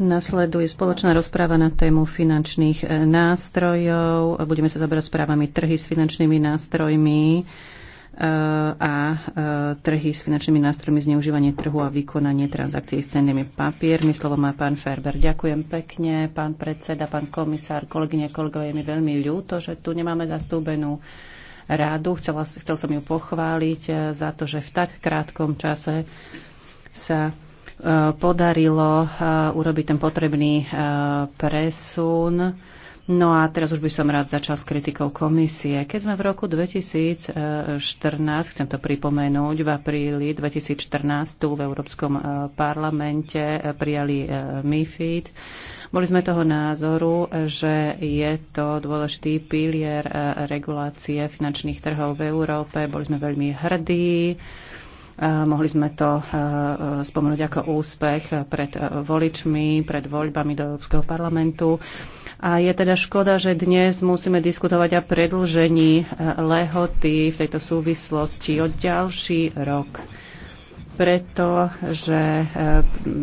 Nasleduje spoločná rozpráva na tému finančných e, nástrojov. Budeme sa zaberať správami trhy s finančnými nástrojmi e, a e, trhy s finančnými nástrojmi, zneužívanie trhu a vykonanie transakcií s cennými papiermi. Slovo má pán Ferber. Ďakujem pekne, pán predseda, pán komisár, kolegyne, kolegovia, je mi veľmi ľúto, že tu nemáme zastúbenú rádu. chcel som ju pochváliť za to, že v tak krátkom čase sa podarilo eh, urobiť ten potrebný eh, presun. No a teraz už by som rád začal s kritikou komisie. Keď sme v roku 2014, chcem to pripomenúť, v apríli 2014 tu v Európskom eh, parlamente prijali MIFID, boli sme toho názoru, že je to dôležitý pilier regulácie finančných trhov v Európe. Boli sme veľmi hrdí Mohli sme to e, e, spomenúť ako úspech pred e, voličmi, pred voľbami do Európskeho parlamentu. A je teda škoda, že dnes musíme diskutovať o predlžení lehoty v tejto súvislosti o ďalší rok preto, že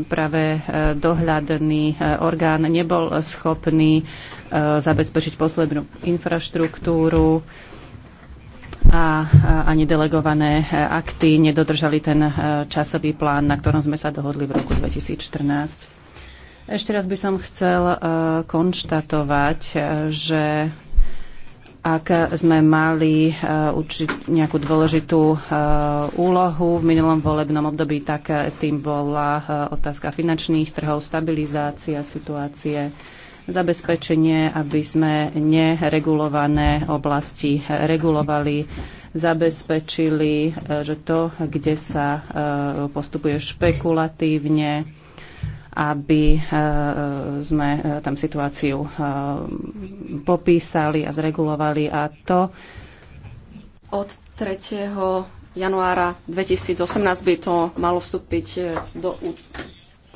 práve dohľadný orgán nebol schopný zabezpečiť poslednú infraštruktúru a ani delegované e, akty nedodržali ten e, časový plán, na ktorom sme sa dohodli v roku 2014. Ešte raz by som chcel e, konštatovať, že ak sme mali nejakú dôležitú úlohu v minulom volebnom období, tak tým bola otázka finančných trhov, stabilizácia situácie zabezpečenie, aby sme neregulované oblasti regulovali, zabezpečili, eh, že to, kde sa eh, postupuje špekulatívne, aby eh, sme tam situáciu popísali a zregulovali a to. Od 3. januára 2018 by to malo vstúpiť do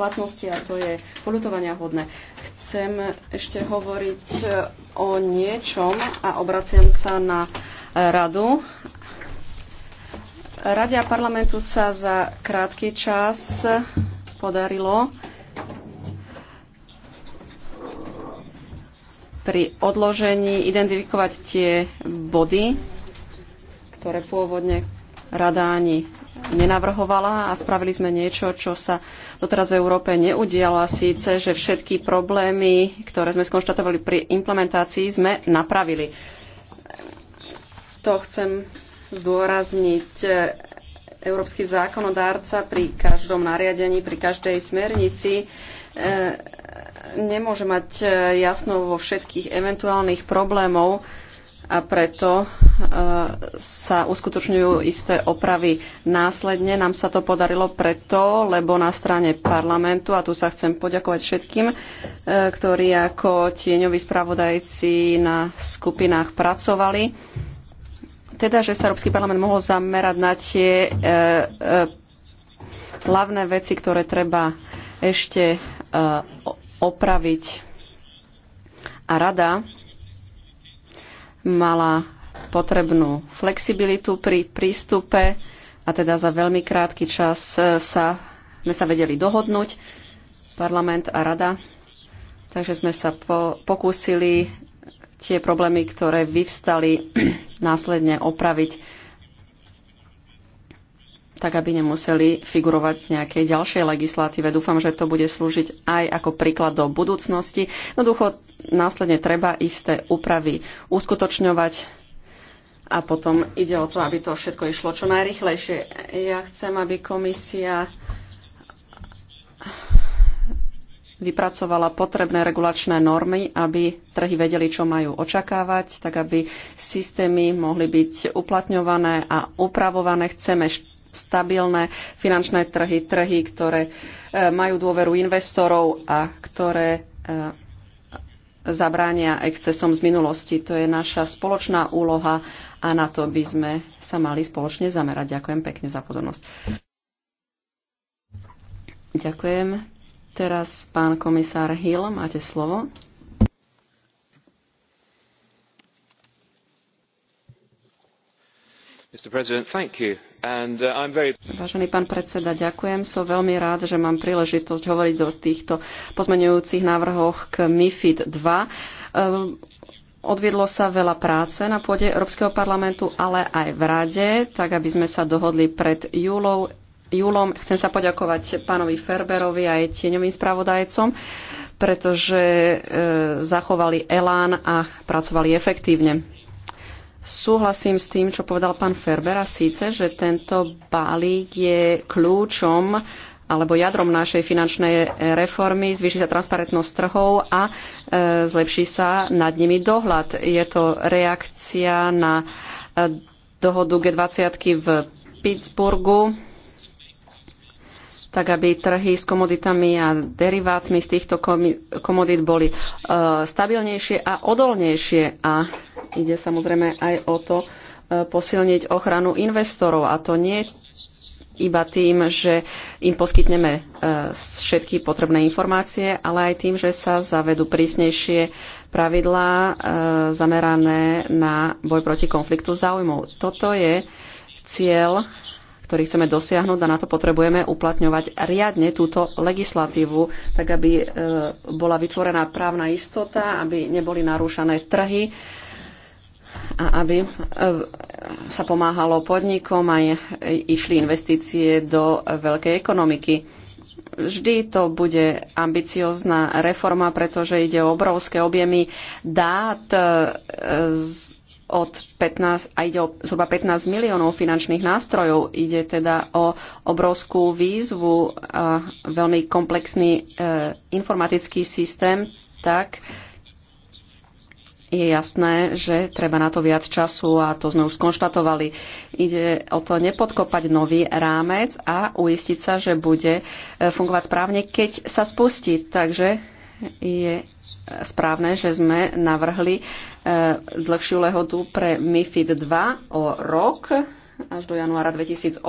platnosti a to je polutovania hodné. Chcem ešte hovoriť eh, o niečom a obraciam sa na eh, radu. Radia parlamentu sa za krátky čas podarilo pri odložení identifikovať tie body, ktoré pôvodne rada ani nenavrhovala a spravili sme niečo, čo sa doteraz v Európe neudialo a síce, že všetky problémy, ktoré sme skonštatovali pri implementácii, sme napravili. To chcem zdôrazniť. Európsky zákonodárca pri každom nariadení, pri každej smernici e, nemôže mať e, jasno vo všetkých eventuálnych problémov, a preto e, sa uskutočňujú isté opravy. Následne nám sa to podarilo preto, lebo na strane parlamentu, a tu sa chcem poďakovať všetkým, e, ktorí ako tieňoví spravodajci na skupinách pracovali, teda, že sa Európsky parlament mohol zamerať na tie e, hlavné veci, ktoré treba ešte opraviť. A rada mala potrebnú flexibilitu pri prístupe a teda za veľmi krátky čas e, sa, sme sa vedeli dohodnúť, parlament a rada. Takže sme sa po, pokúsili tie problémy, ktoré vyvstali, následne opraviť tak aby nemuseli figurovať v nejakej ďalšej legislatíve. Dúfam, že to bude slúžiť aj ako príklad do budúcnosti. Jednoducho následne treba isté úpravy uskutočňovať a potom ide o to, aby to všetko išlo čo najrychlejšie. Ja chcem, aby komisia vypracovala potrebné regulačné normy, aby trhy vedeli, čo majú očakávať, tak aby systémy mohli byť uplatňované a upravované. Chceme stabilné finančné trhy, trhy, ktoré e, majú dôveru investorov a ktoré e, zabránia excesom z minulosti. To je naša spoločná úloha a na to by sme sa mali spoločne zamerať. Ďakujem pekne za pozornosť. Ďakujem. Teraz pán komisár Hill, máte slovo. Mr. President, thank you. Uh, Vážený pán predseda, ďakujem. Som veľmi rád, že mám príležitosť hovoriť o týchto pozmeňujúcich návrhoch k MIFID 2. Ehm, odviedlo sa veľa práce na pôde Európskeho parlamentu, ale aj v Rade, tak aby sme sa dohodli pred júlou. júlom. Chcem sa poďakovať pánovi Ferberovi a aj tieňovým spravodajcom, pretože e, zachovali elán a pracovali efektívne. Súhlasím s tým, čo povedal pán Ferber a síce, že tento balík je kľúčom alebo jadrom našej finančnej reformy, zvýši sa transparentnosť trhov a e, zlepší sa nad nimi dohľad. Je to reakcia na e, dohodu G20 v Pittsburghu, tak aby trhy s komoditami a derivátmi z týchto komodít boli e, stabilnejšie a odolnejšie a ide samozrejme aj o to e, posilniť ochranu investorov a to nie iba tým, že im poskytneme e, všetky potrebné informácie, ale aj tým, že sa zavedú prísnejšie pravidlá e, zamerané na boj proti konfliktu záujmov. Toto je cieľ, ktorý chceme dosiahnuť a na to potrebujeme uplatňovať riadne túto legislatívu, tak aby bola vytvorená právna istota, aby neboli narúšané trhy a aby e, sa pomáhalo podnikom a išli investície do veľkej ekonomiky. Vždy to bude ambiciozná reforma, pretože ide o obrovské objemy dát e, od 15, a ide o zhruba 15 miliónov finančných nástrojov. Ide teda o obrovskú výzvu a veľmi komplexný e, informatický systém, tak je jasné, že treba na to viac času a to sme už skonštatovali. Ide o to nepodkopať nový rámec a uistiť sa, že bude e, fungovať správne, keď sa spustí. Takže je e, správne, že sme navrhli e, dlhšiu lehodu pre MIFID 2 o rok až do januára 2018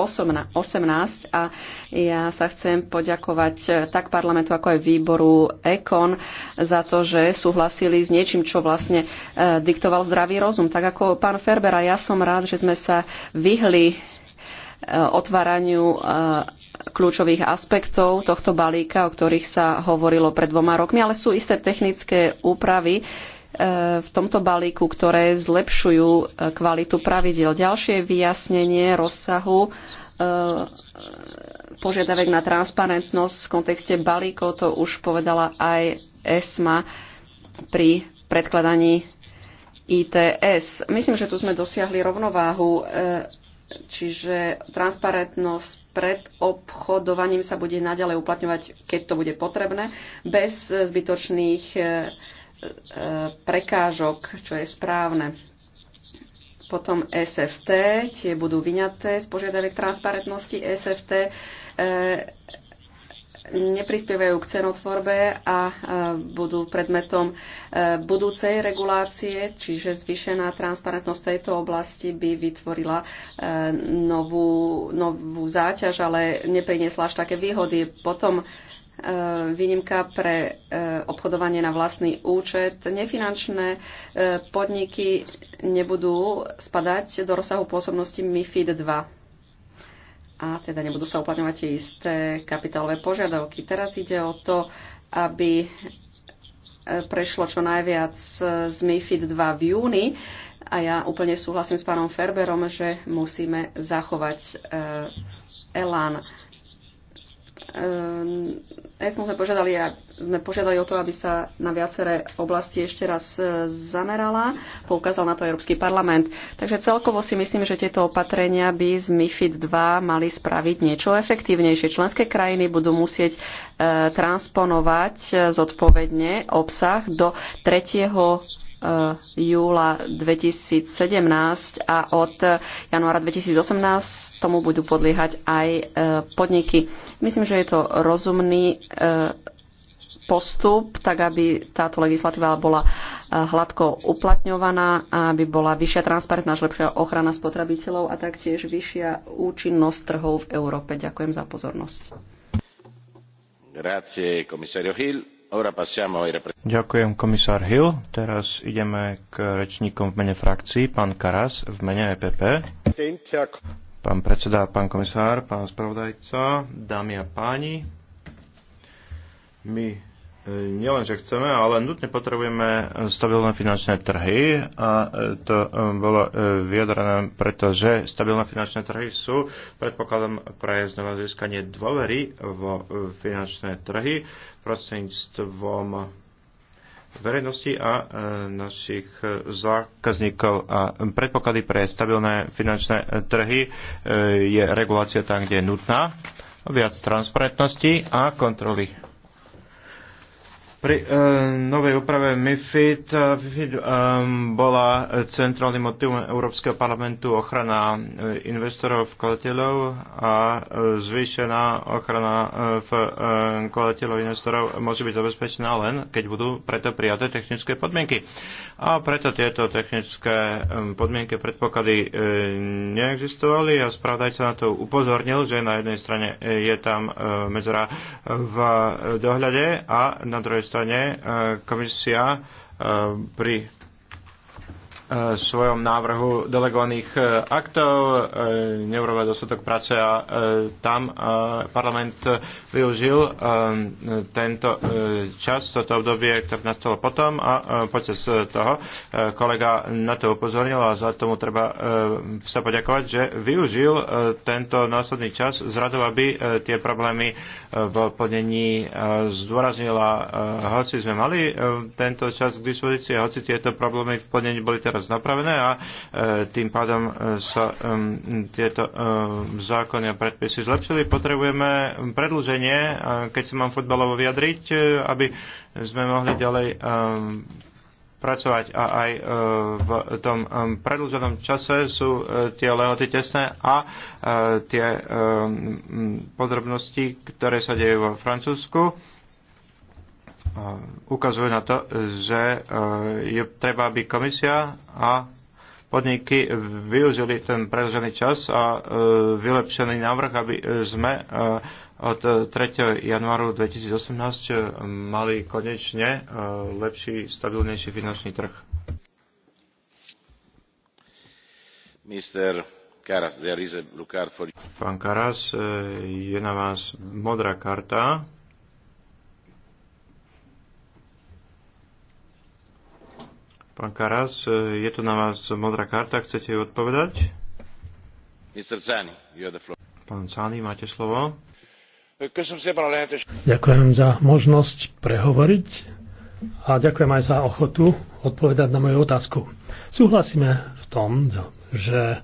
a ja sa chcem poďakovať tak parlamentu, ako aj výboru EKON za to, že súhlasili s niečím, čo vlastne e, diktoval zdravý rozum. Tak ako pán Ferber a ja som rád, že sme sa vyhli e, otváraniu e, kľúčových aspektov tohto balíka, o ktorých sa hovorilo pred dvoma rokmi, ale sú isté technické úpravy, v tomto balíku, ktoré zlepšujú e, kvalitu pravidel. Ďalšie vyjasnenie rozsahu e, požiadavek na transparentnosť v kontexte balíkov, to už povedala aj ESMA pri predkladaní ITS. Myslím, že tu sme dosiahli rovnováhu, e, čiže transparentnosť pred obchodovaním sa bude naďalej uplatňovať, keď to bude potrebné, bez zbytočných E, prekážok, čo je správne. Potom SFT, tie budú vyňaté z požiadavek transparentnosti. SFT e, neprispievajú k cenotvorbe a e, budú predmetom budúcej regulácie, čiže zvýšená transparentnosť tejto oblasti by vytvorila novú, novú záťaž, ale nepriniesla až také výhody. Potom E, výnimka pre e, obchodovanie na vlastný účet. Nefinančné e, podniky nebudú spadať do rozsahu pôsobnosti MIFID 2 a teda nebudú sa uplatňovať tie isté kapitálové požiadavky. Teraz ide o to, aby prešlo čo najviac z MIFID 2 v júni a ja úplne súhlasím s pánom Ferberom, že musíme zachovať elán Ehm, ESMU sme požiadali, a sme požiadali o to, aby sa na viaceré oblasti ešte raz e, zamerala. Poukázal na to Európsky parlament. Takže celkovo si myslím, že tieto opatrenia by z MIFID 2 mali spraviť niečo efektívnejšie. Členské krajiny budú musieť e, transponovať e, zodpovedne obsah do tretieho Eh, júla 2017 a od januára 2018 tomu budú podliehať aj eh, podniky. Myslím, že je to rozumný eh, postup, tak aby táto legislatíva bola hladko uplatňovaná, aby bola vyššia transparentnosť, lepšia ochrana spotrebiteľov a taktiež vyššia účinnosť trhov v Európe. Ďakujem za pozornosť. Grazie, komisario Hill. Ďakujem, komisár Hill. Teraz ideme k rečníkom v mene frakcií. Pán Karas v mene EPP. Pán predseda, pán komisár, pán spravodajca, dámy a páni. My nielen, že chceme, ale nutne potrebujeme stabilné finančné trhy a e, to e, bolo e, vyjadrené, pretože stabilné finančné trhy sú predpokladom pre znova získanie dôvery vo finančné trhy prostredníctvom verejnosti a našich zákazníkov. A predpoklady pre stabilné finančné trhy je regulácia tam, kde je nutná, viac transparentnosti a kontroly. Pri uh, novej úprave MIFID, e, MIFID e, bola centrálnym motivom Európskeho parlamentu ochrana e, investorov, kladateľov a uh, zvýšená ochrana uh, v, uh, kladateľov investorov môže byť zabezpečená len, keď budú preto prijaté technické podmienky. A preto tieto technické um, podmienky, predpoklady uh, neexistovali a spravodajca na to upozornil, že na jednej strane je tam uh, medzera v dohľade a na druhej strane strane e, komisia e, pri Eh, svojom návrhu delegovaných eh, aktov eh, Neurobil dostatok práce a tam parlament využil tento čas, toto obdobie, ktoré nastalo potom a počas toho kolega na to upozornil a za tomu treba sa poďakovať, že využil tento následný čas z radov, aby tie problémy v plnení zdôraznila. Hoci sme mali tento čas k dispozícii, hoci tieto problémy v plnení boli teraz teraz napravené a e, tým pádom e, sa e, tieto zákony a predpisy zlepšili. Potrebujeme predlženie, keď sa mám futbalovo vyjadriť, aby sme mohli ďalej pracovať a aj v tom predlženom čase sú tie lehoty tesné a tie podrobnosti, ktoré sa dejú vo Francúzsku ukazuje na to, že e, je treba, aby komisia a podniky využili ten predlžený čas a e, vylepšený návrh, aby e, sme od 3. januáru 2018 mali konečne lepší, stabilnejší finančný trh. Karas, there is a blue card for you. Pán Karas, je na vás modrá karta. Pán Karas, e, je tu na vás modrá karta, chcete ju odpovedať? Mr. Zani, you have the floor. Pán Zani, máte slovo. Ďakujem za možnosť prehovoriť a ďakujem aj za ochotu odpovedať na moju otázku. Súhlasíme v tom, že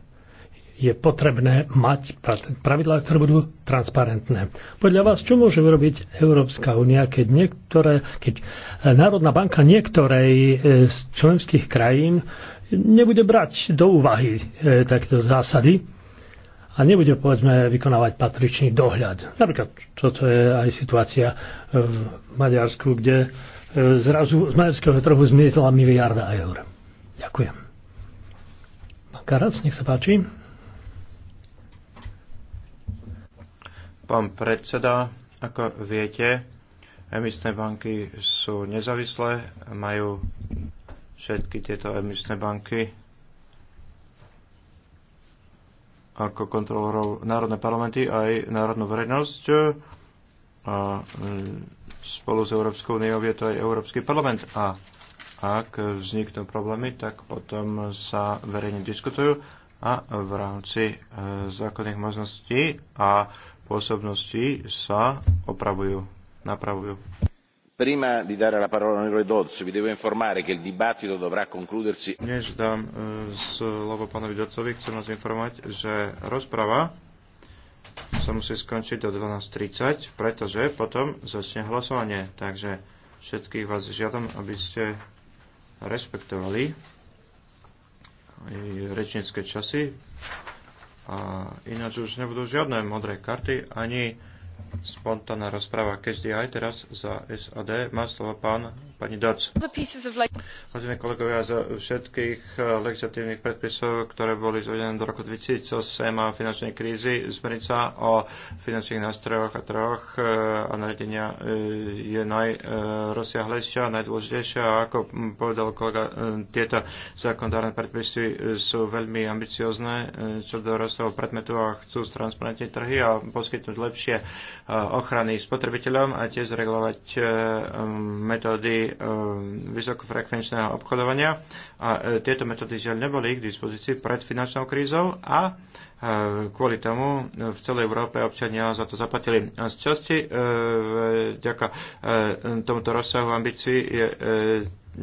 je potrebné mať pravidlá, ktoré budú transparentné. Podľa vás, čo môže urobiť Európska únia, keď, niektoré, keď Národná banka niektorej e, z členských krajín nebude brať do úvahy e, takéto zásady a nebude, povedzme, vykonávať patričný dohľad. Napríklad toto je aj situácia v Maďarsku, kde e, zrazu z maďarského trhu zmizla miliarda eur. Ďakujem. Pán Karac, nech sa páči. Pán predseda, ako viete, emisné banky sú nezávislé, majú všetky tieto emisné banky ako kontrolorov národné parlamenty aj národnú verejnosť. A mm, spolu s Európskou úniou je to aj Európsky parlament. A ak vzniknú problémy, tak potom sa verejne diskutujú a v rámci e, zákonných možností a pôsobnosti sa opravujú, napravujú. Prima di dare la parola all'onorevole Dodds, vi devo informare che il dibattito dovrà concludersi. Než dám eh, slovo pánovi Dodsovi, chcem vás informovať, že rozprava sa musí skončiť do 12.30, pretože potom začne hlasovanie. Takže všetkých vás žiadam, aby ste rešpektovali rečnícke časy. A ináč už nebudú žiadne modré karty, ani spontánna rozpráva. Keď aj teraz za SAD má slovo pán Pani Vážení kolegovia, zo všetkých eh, legislatívnych predpisov, ktoré boli zvedené do roku 2008 a finančnej krízy, zmernica o finančných nástrojoch a trhoch eh, a nariadenia eh, je najrozsiahlejšia, najdôležitejšia a ako povedal kolega, tieto zákonodárne predpisy sú veľmi ambiciozne čo do rozsahu predmetu a chcú transparentne trhy a poskytnúť lepšie ochrany spotrebiteľom a tiež zregulovať metódy uh, vysokofrekvenčného obchodovania a eh, tieto metódy žiaľ neboli k dispozícii pred finančnou krízou a eh, kvôli tomu v celej Európe občania za to zaplatili. A z časti vďaka tomuto rozsahu ambícií je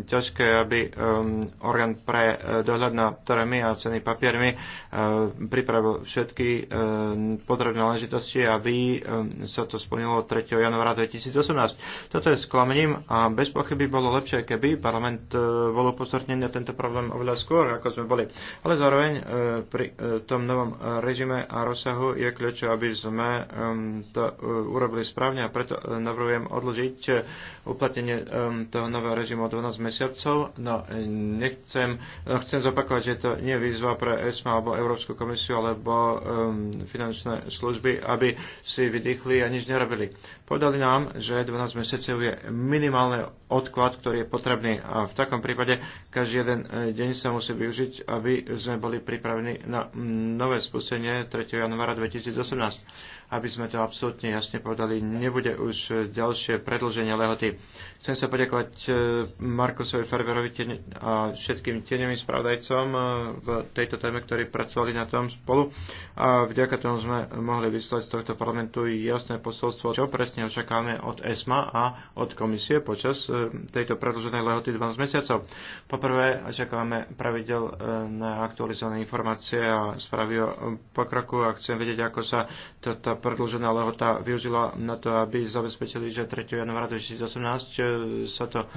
ťažké, aby um, orgán pre e, dohľad nad trhmi a ceny papiermi e, pripravil všetky e, potrebné náležitosti, aby sa to splnilo 3. januára 2018. Toto je sklamením a bez pochyby bolo lepšie, keby parlament bol upozornený na tento problém oveľa skôr, ako sme boli. Ale zároveň pri tom novom režime a rozsahu je kľúčové, aby sme to urobili správne a preto navrhujem odložiť uplatnenie toho nového režimu od 12 mesiacov, no nechcem, no, chcem zopakovať, že to nie je výzva pre ESMA alebo Európsku komisiu alebo um, finančné služby, aby si vydýchli a nič nerobili. Povedali nám, že 12 mesiacov je minimálny odklad, ktorý je potrebný a v takom prípade každý jeden eh, deň sa musí využiť, aby sme boli pripravení na mm, nové spustenie 3. januára 2018 aby sme to absolútne jasne povedali, nebude už ďalšie predlženie lehoty. Chcem sa poďakovať e, Markusovi Ferberovi a všetkým tenevým spravodajcom e, v tejto téme, ktorí pracovali na tom spolu. A vďaka tomu sme mohli vyslať z tohto parlamentu jasné posolstvo, čo presne očakávame od ESMA a od komisie počas e, tejto predlženej lehoty 12 mesiacov. Poprvé očakávame pravidel na aktualizované informácie a spravy o pokroku a chcem vedieť, ako sa toto sa predlžená lehota využila na to, aby zabezpečili, že 3. januára 2018 e, sa to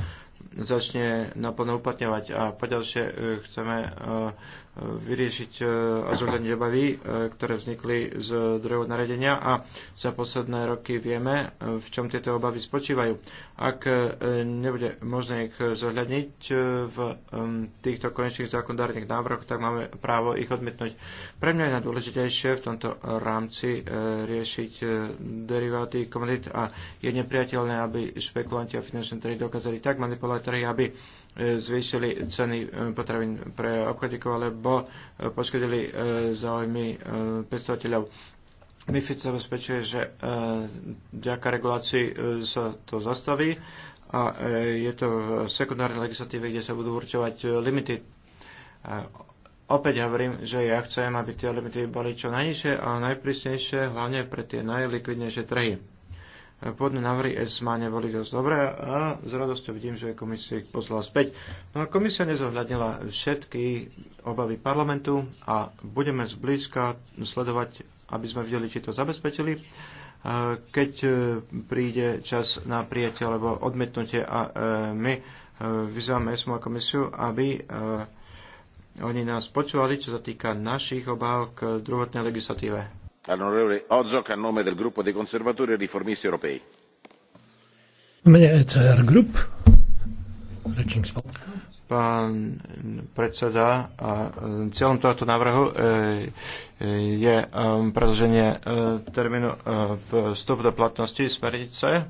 začne naplno uplatňovať. A poďalšie e, chceme e, e, vyriešiť a zohľadniť obavy, ktoré vznikli z druhého naredenia a za posledné roky vieme, v čom tieto obavy spočívajú. Ak nebude možné ich zohľadniť v týchto konečných zákonodárnych návrhoch, tak máme právo ich odmietnúť. Pre mňa je najdôležitejšie v tomto rámci riešiť deriváty komodit a je nepriateľné, aby špekulanti a finančné trhy dokázali tak manipulovať neregulované trhy, aby e, zvýšili ceny e, potravín pre obchodníkov alebo e, poškodili záujmy pestovateľov. MIFID zabezpečuje, že vďaka regulácii sa to zastaví a je to v sekundárnej legislatíve, kde sa budú určovať limity. Opäť hovorím, že ja chcem, aby tie limity boli čo najnižšie a najprísnejšie, hlavne pre tie najlikvidnejšie trhy pôvodné návrhy ESMA neboli dosť dobré a s radosťou vidím, že komisia ich poslala späť. No a komisia nezohľadnila všetky obavy parlamentu a budeme zblízka sledovať, aby sme videli, či to zabezpečili keď e, príde čas na prijatie alebo odmietnutie a e, my e, vyzývame S a komisiu, aby oni nás počúvali, čo sa týka našich obáv k druhotnej legislatíve all'onorevole Ozok a nome del gruppo dei conservatori e riformisti europei. Mene ECR Group. Pán predseda, cieľom tohto návrhu e, e, je e, predlženie termínu vstup do platnosti smernice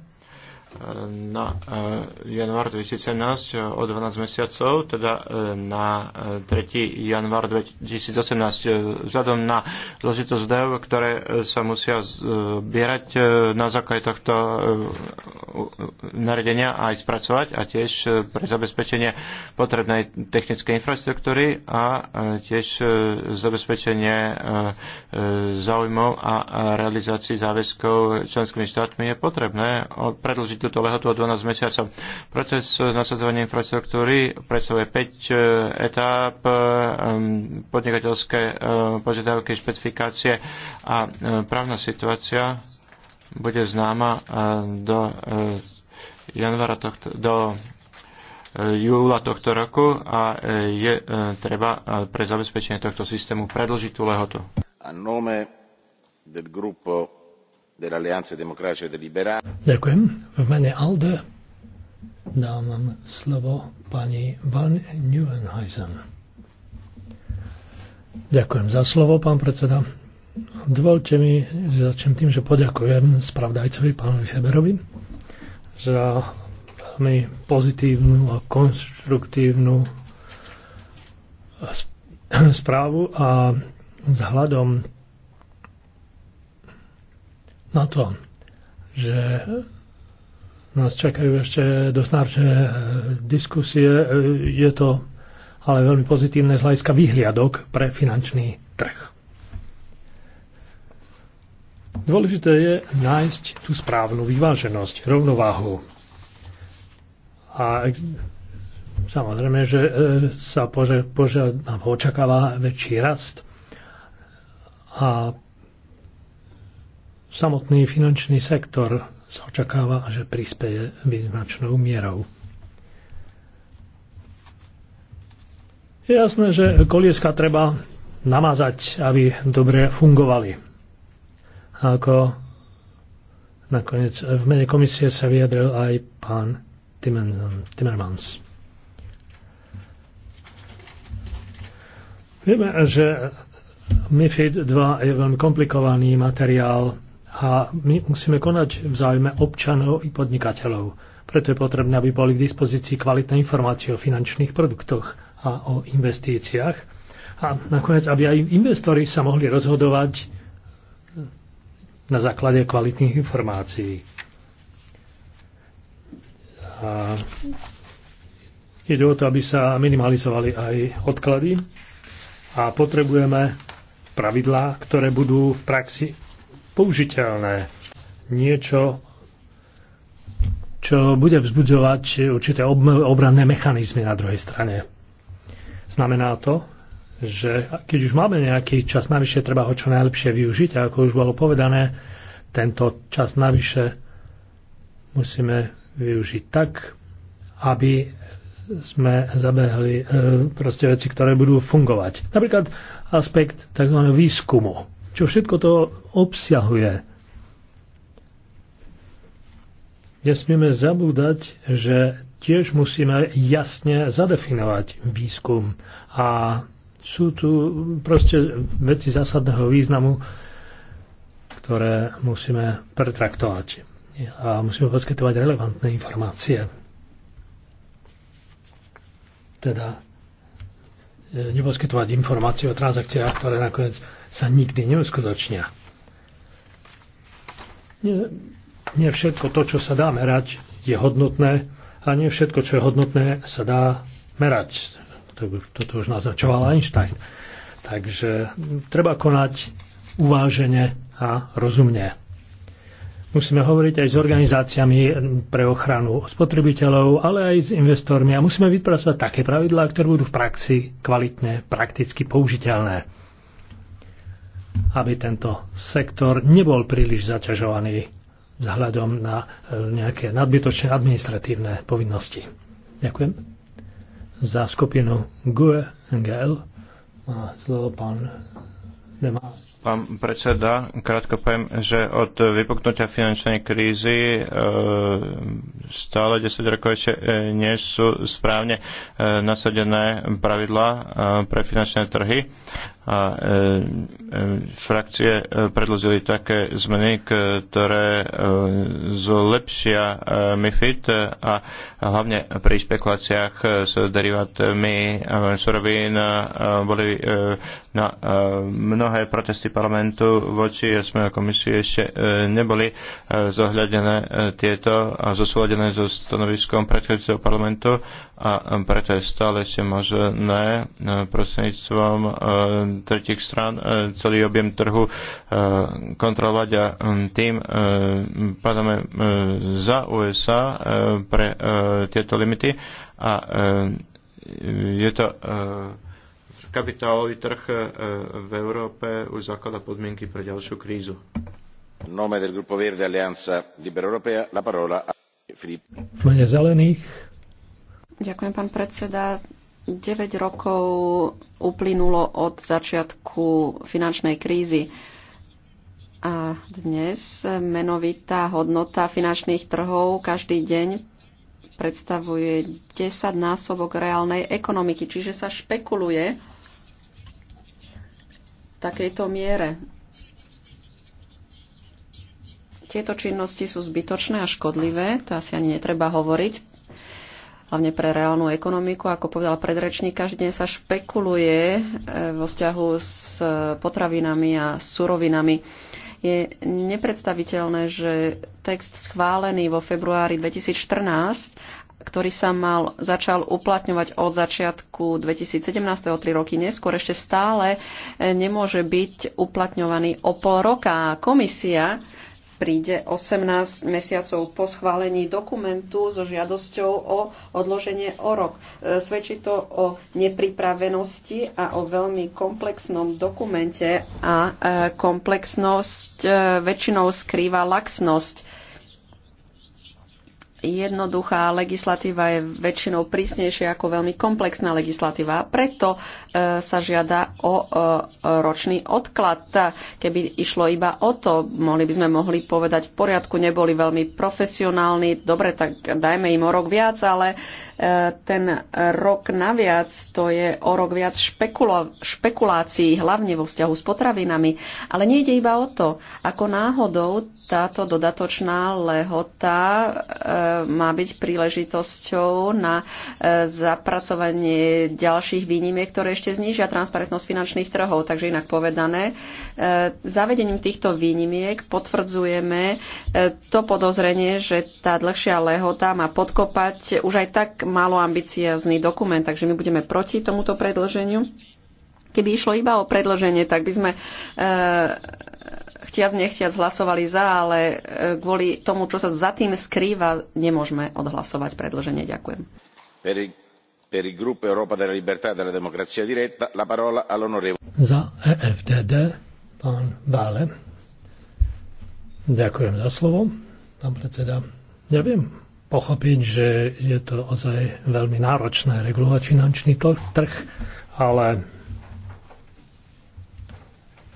na eh, január 2017 eh, o 12 mesiacov, teda eh, na 3. január 2018, vzhľadom na zložitosť údajov, ktoré sa musia zbierať na základe tohto naredenia aj spracovať a tiež pre zabezpečenie potrebnej technickej infraštruktúry a tiež zabezpečenie záujmov a realizácii záväzkov členskými štátmi je potrebné predlžiť túto lehotu o 12 mesiacov. Proces nasadzovania infraštruktúry predstavuje 5 e, etáp, e, podnikateľské e, požiadavky, špecifikácie a právna situácia bude známa do januára tohto, do júla tohto roku a je treba pre zabezpečenie tohto systému predlžiť tú lehotu. A nome del gruppo e Ďakujem. V mene ALDE dávam slovo pani Van Nieuwenhuizen. Ďakujem za slovo, pán predseda. Dovolte mi, že začnem tým, že poďakujem spravdajcovi, pánovi Feberovi, za veľmi pozitívnu a konstruktívnu správu a vzhľadom na to, že nás čakajú ešte dosť náročné e, diskusie. E, je to ale veľmi pozitívne z hľadiska výhliadok pre finančný trh. Dôležité je nájsť tú správnu vyváženosť, rovnováhu. A samozrejme, že e, sa pože, pože, očakáva väčší rast a samotný finančný sektor sa očakáva, že prispieje význačnou mierou. Je jasné, že kolieska treba namazať, aby dobre fungovali. A ako nakoniec v mene komisie sa vyjadril aj pán Timmermans. Vieme, že MIFID 2 je veľmi komplikovaný materiál, a my musíme konať v záujme občanov i podnikateľov. Preto je potrebné, aby boli k dispozícii kvalitné informácie o finančných produktoch a o investíciách. A nakoniec, aby aj investori sa mohli rozhodovať na základe kvalitných informácií. A ide o to, aby sa minimalizovali aj odklady a potrebujeme pravidlá, ktoré budú v praxi použiteľné. Niečo, čo bude vzbudzovať určité obranné mechanizmy na druhej strane. Znamená to, že keď už máme nejaký čas navyše, treba ho čo najlepšie využiť a ako už bolo povedané, tento čas navyše musíme využiť tak, aby sme zabehli e, proste veci, ktoré budú fungovať. Napríklad aspekt tzv. výskumu čo všetko to obsahuje. Nesmieme zabúdať, že tiež musíme jasne zadefinovať výskum. A sú tu proste veci zásadného významu, ktoré musíme pretraktovať a musíme poskytovať relevantné informácie. Teda e, neposkytovať informácie o transakciách, ktoré nakoniec sa nikdy neuskutočnia. Nie, nie všetko to, čo sa dá merať, je hodnotné a nie všetko, čo je hodnotné, sa dá merať. To, toto už naznačoval Einstein. Takže treba konať uvážene a rozumne. Musíme hovoriť aj s organizáciami pre ochranu spotrebiteľov, ale aj s investormi a musíme vypracovať také pravidlá, ktoré budú v praxi kvalitne, prakticky použiteľné aby tento sektor nebol príliš zaťažovaný vzhľadom na e, nejaké nadbytočné administratívne povinnosti. Ďakujem. Za skupinu GUE NGL má slovo pán Demas. Pán predseda, krátko poviem, že od vypuknutia finančnej krízy e, stále 10 rokov ešte e, nie sú správne nasadené pravidlá pre finančné trhy a e, e, frakcie e, predložili také zmeny, ktoré e, zlepšia e, MIFID a hlavne pri špekuláciách s derivátmi surovín e, boli e, na e, mnohé protesty parlamentu voči sme komisii ešte e, neboli e, zohľadené e, tieto a zosúladené so stanoviskom predchádzajúceho parlamentu a e, preto je stále ešte možné prostredníctvom e, tretich strán e, celý objem trhu e, kontrolovať a e, tým padáme za USA pre tieto limity a je to kapitálový trh v Európe už zaklada podmienky pre ďalšiu krízu. V nome del Gruppo Verde Alleanza Libera Europea la parola a Filip. mene zelených. Ďakujem, pán predseda. 9 rokov uplynulo od začiatku finančnej krízy. A dnes menovitá hodnota finančných trhov každý deň predstavuje 10 násobok reálnej ekonomiky, čiže sa špekuluje v takejto miere. Tieto činnosti sú zbytočné a škodlivé, to asi ani netreba hovoriť, hlavne pre reálnu ekonomiku. Ako povedal predrečník, každý deň sa špekuluje e, vo vzťahu s potravinami a surovinami. Je nepredstaviteľné, že text schválený vo februári 2014, ktorý sa mal, začal uplatňovať od začiatku 2017, o tri roky neskôr, ešte stále e, nemôže byť uplatňovaný o pol roka. Komisia príde 18 mesiacov po schválení dokumentu so žiadosťou o odloženie o rok. E, svedčí to o nepripravenosti a o veľmi komplexnom dokumente a e, komplexnosť e, väčšinou skrýva laxnosť jednoduchá legislatíva je väčšinou prísnejšia ako veľmi komplexná legislatíva. Preto e, sa žiada o e, ročný odklad. Keby išlo iba o to, mohli by sme mohli povedať v poriadku, neboli veľmi profesionálni, dobre, tak dajme im o rok viac, ale ten rok naviac, to je o rok viac špekulo- špekulácií, hlavne vo vzťahu s potravinami. Ale nejde iba o to, ako náhodou táto dodatočná lehota e, má byť príležitosťou na e, zapracovanie ďalších výnimiek, ktoré ešte znížia transparentnosť finančných trhov. Takže inak povedané, e, zavedením týchto výnimiek potvrdzujeme to podozrenie, že tá dlhšia lehota má podkopať už aj tak málo ambiciózny dokument, takže my budeme proti tomuto predlženiu. Keby išlo iba o predlženie, tak by sme e, chtiac nechtiac hlasovali za, ale e, kvôli tomu, čo sa za tým skrýva, nemôžeme odhlasovať predlženie. Ďakujem. Peri, peri grup Europa della Libertà e della Democrazia Diretta la parola all'onorevole. Za EFDD pán Bále. Ďakujem za slovo, pán predseda. Neviem, ja pochopiť, že je to ozaj veľmi náročné regulovať finančný trh, ale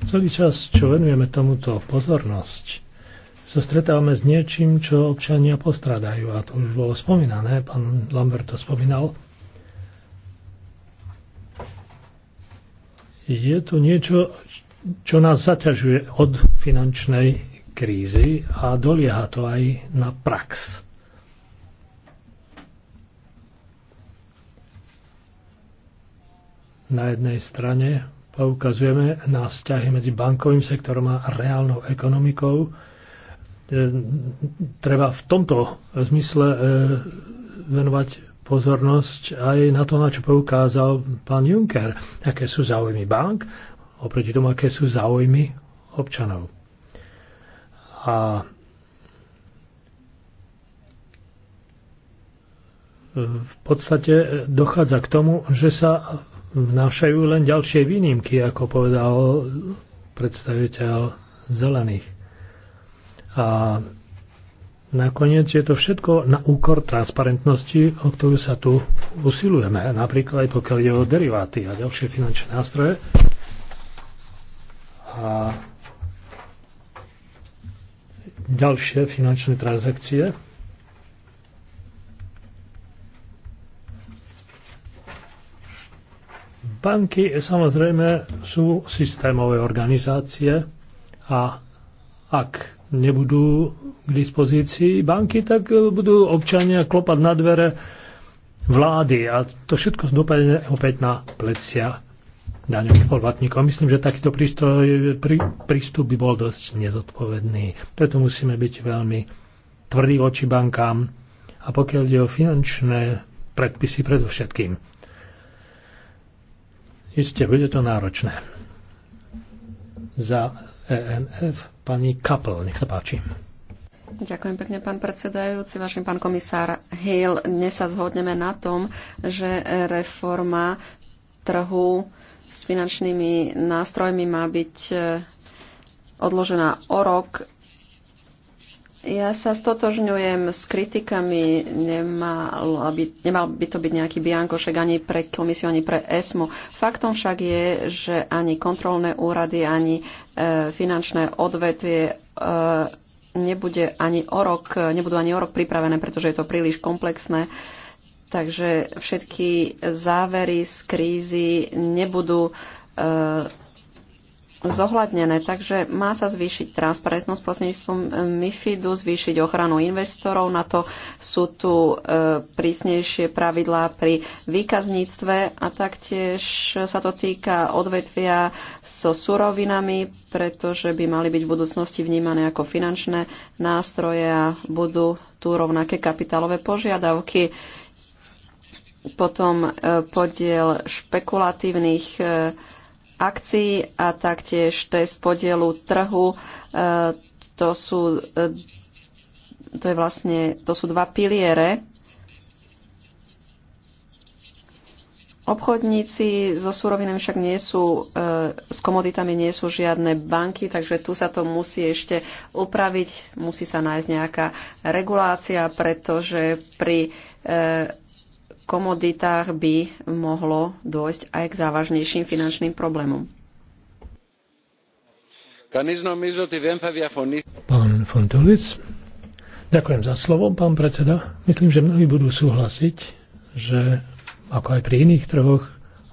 celý čas, čo venujeme tomuto pozornosť, sa stretávame s niečím, čo občania postradajú. A to už bolo spomínané, pán Lambert to spomínal. Je to niečo, čo nás zaťažuje od finančnej krízy a dolieha to aj na prax. Na jednej strane poukazujeme na vzťahy medzi bankovým sektorom a reálnou ekonomikou. E, treba v tomto zmysle e, venovať pozornosť aj na to, na čo poukázal pán Juncker. Aké sú záujmy bank oproti tomu, aké sú záujmy občanov. A v podstate dochádza k tomu, že sa vnášajú len ďalšie výnimky, ako povedal predstaviteľ zelených. A nakoniec je to všetko na úkor transparentnosti, o ktorú sa tu usilujeme. Napríklad aj pokiaľ ide o deriváty a ďalšie finančné nástroje. A ďalšie finančné transakcie. Banky samozrejme sú systémové organizácie a ak nebudú k dispozícii banky, tak budú občania klopať na dvere vlády a to všetko dopadne opäť na plecia daňových poplatníkov. Myslím, že takýto prístroj, prí, prístup by bol dosť nezodpovedný. Preto musíme byť veľmi tvrdí voči bankám a pokiaľ ide o finančné predpisy predovšetkým. Isté, bude to náročné. Za ENF pani Kapel, nech sa páči. Ďakujem pekne, pán predsedajúci, vážený pán komisár Hill. Dnes sa zhodneme na tom, že reforma trhu s finančnými nástrojmi má byť eh, odložená o rok ja sa stotožňujem s kritikami, nemal by, nemal by to byť nejaký biankošek ani pre komisiu, ani pre ESMU. Faktom však je, že ani kontrolné úrady, ani e, finančné odvetvie e, nebude ani o rok, nebudú ani o rok pripravené, pretože je to príliš komplexné. Takže všetky závery z krízy nebudú e, zohľadnené, takže má sa zvýšiť transparentnosť prostredníctvom e, MIFIDu, zvýšiť ochranu investorov, na to sú tu e, prísnejšie pravidlá pri výkazníctve a taktiež sa to týka odvetvia so surovinami, pretože by mali byť v budúcnosti vnímané ako finančné nástroje a budú tu rovnaké kapitálové požiadavky. Potom e, podiel špekulatívnych akcií a taktiež test podielu trhu. E, to sú, e, to je vlastne, to sú dva piliere. Obchodníci so súrovinami však nie sú, e, s komoditami nie sú žiadne banky, takže tu sa to musí ešte upraviť, musí sa nájsť nejaká regulácia, pretože pri komoditách by mohlo dôjsť aj k závažnejším finančným problémom. Pán Fontulic, ďakujem za slovo, pán predseda. Myslím, že mnohí budú súhlasiť, že ako aj pri iných trhoch,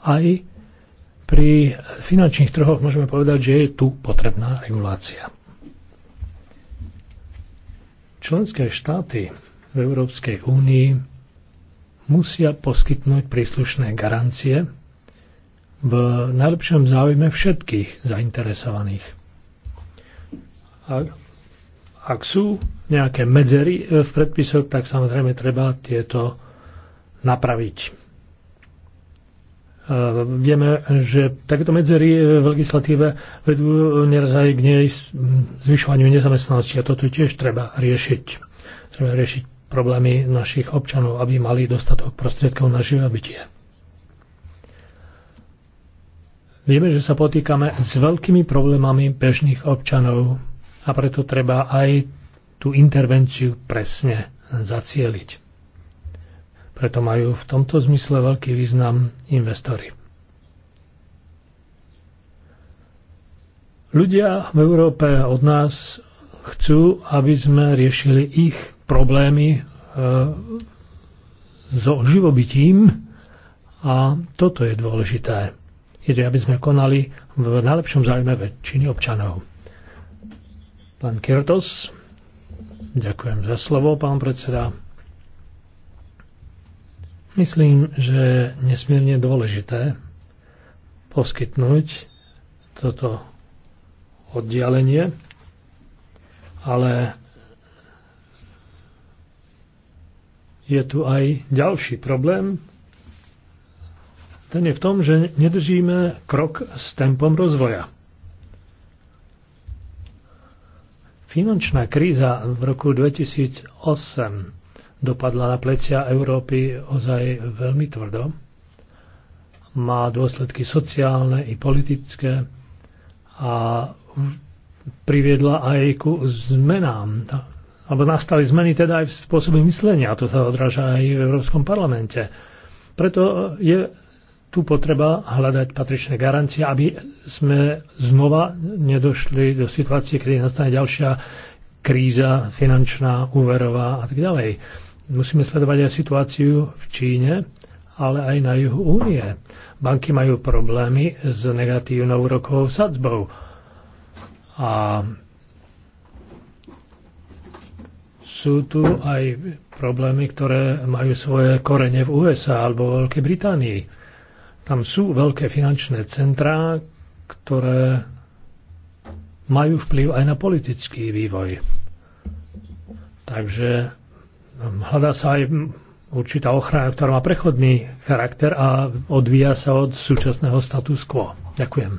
aj pri finančných trhoch môžeme povedať, že je tu potrebná regulácia. Členské štáty v Európskej únii musia poskytnúť príslušné garancie v najlepšom záujme všetkých zainteresovaných. ak sú nejaké medzery e, v predpisoch, tak samozrejme treba tieto napraviť. E, vieme, že takéto medzery e, v legislatíve vedú nieraz aj k zvyšovaniu nezamestnanosti a toto tiež treba riešiť. Treba riešiť problémy našich občanov, aby mali dostatok prostriedkov na živobytie. Vieme, že sa potýkame s veľkými problémami bežných občanov a preto treba aj tú intervenciu presne zacieliť. Preto majú v tomto zmysle veľký význam investory. Ľudia v Európe od nás chcú, aby sme riešili ich problémy e, so živobytím a toto je dôležité. Je to, aby sme konali v najlepšom záujme väčšiny občanov. Pán Kirtos, ďakujem za slovo, pán predseda. Myslím, že je nesmierne dôležité poskytnúť toto oddialenie, ale je tu aj ďalší problém. Ten je v tom, že nedržíme krok s tempom rozvoja. Finančná kríza v roku 2008 dopadla na plecia Európy ozaj veľmi tvrdo. Má dôsledky sociálne i politické a priviedla aj ku zmenám alebo nastali zmeny teda aj v spôsobe myslenia. A to sa odráža aj v Európskom parlamente. Preto je tu potreba hľadať patričné garancie, aby sme znova nedošli do situácie, kedy nastane ďalšia kríza finančná, úverová a tak ďalej. Musíme sledovať aj situáciu v Číne, ale aj na juhu únie. Banky majú problémy s negatívnou úrokovou sadzbou. A sú tu aj problémy, ktoré majú svoje korene v USA alebo v Veľkej Británii. Tam sú veľké finančné centrá, ktoré majú vplyv aj na politický vývoj. Takže hm, hľadá sa aj určitá ochrana, ktorá má prechodný charakter a odvíja sa od súčasného status quo. Ďakujem.